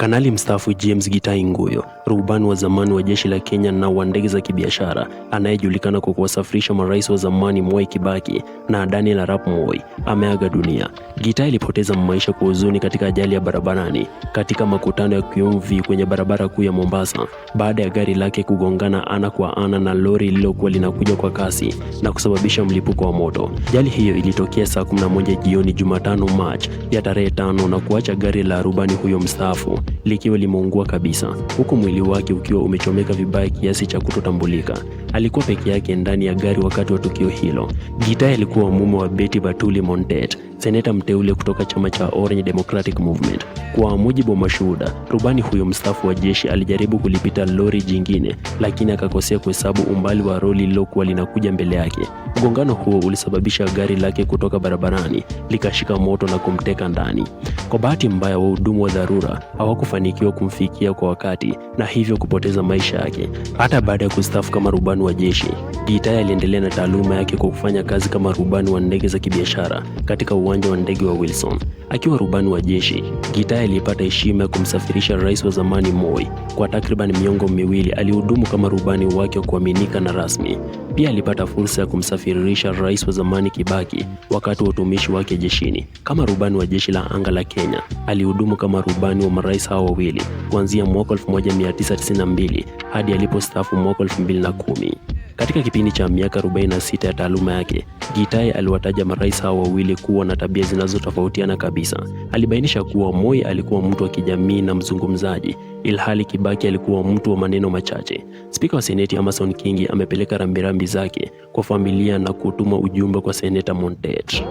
Kanali mstaafu James Gitai Nguyo, rubani wa zamani wa jeshi la Kenya na wa ndege za kibiashara anayejulikana kwa kuwasafirisha marais wa zamani Mwai Kibaki na Daniel Arap Moi, ameaga dunia. Gitai alipoteza maisha kwa huzuni katika ajali ya barabarani katika makutano ya Kiumvi kwenye barabara kuu ya Mombasa, baada ya gari lake kugongana ana kwa ana na lori lililokuwa linakuja kwa kasi na kusababisha mlipuko wa moto. Ajali hiyo ilitokea saa 11 jioni Jumatano Machi ya tarehe tano na kuacha gari la rubani huyo mstaafu likiwa limeungua kabisa, huku mwili wake ukiwa umechomeka vibaya kiasi cha kutotambulika. Alikuwa peke yake ndani ya gari wakati wa tukio hilo. gitaa alikuwa mume wa Betty Batuli Montet seneta mteule kutoka chama cha Orange Democratic Movement. Kwa mujibu wa mashuhuda, rubani huyo mstaafu wa jeshi alijaribu kulipita lori jingine, lakini akakosea kuhesabu umbali wa lori lilokuwa linakuja mbele yake. Mgongano huo ulisababisha gari lake kutoka barabarani likashika moto na kumteka ndani. Kwa bahati mbaya, wahudumu wa dharura hawakufanikiwa kumfikia kwa wakati na hivyo kupoteza maisha yake hata baada ya kustaafu kama rubani wa jeshi. Gitaya aliendelea na taaluma yake kwa kufanya kazi kama rubani wa ndege za kibiashara katika uwanja wa ndege wa Wilson. Akiwa rubani wa jeshi, Gitaya alipata heshima ya kumsafirisha rais wa zamani Moi. Kwa takriban miongo miwili alihudumu kama rubani wake wa kuaminika na rasmi. Pia alipata fursa ya kumsafirisha rais wa zamani Kibaki wakati wa utumishi wake jeshini. Kama rubani wa jeshi la anga la Kenya, alihudumu kama rubani wa marais hao wawili kuanzia mwaka 1992 hadi alipostaafu mwaka 2010. Katika kipindi cha miaka 46 ya taaluma yake, gitai aliwataja marais hao wawili kuwa na tabia zinazotofautiana kabisa. Alibainisha kuwa Moi alikuwa mtu wa kijamii na mzungumzaji, ilhali Kibaki alikuwa mtu wa maneno machache. Spika wa Seneti Amason Kingi amepeleka rambirambi zake kwa familia na kutuma ujumbe kwa Seneta Montet.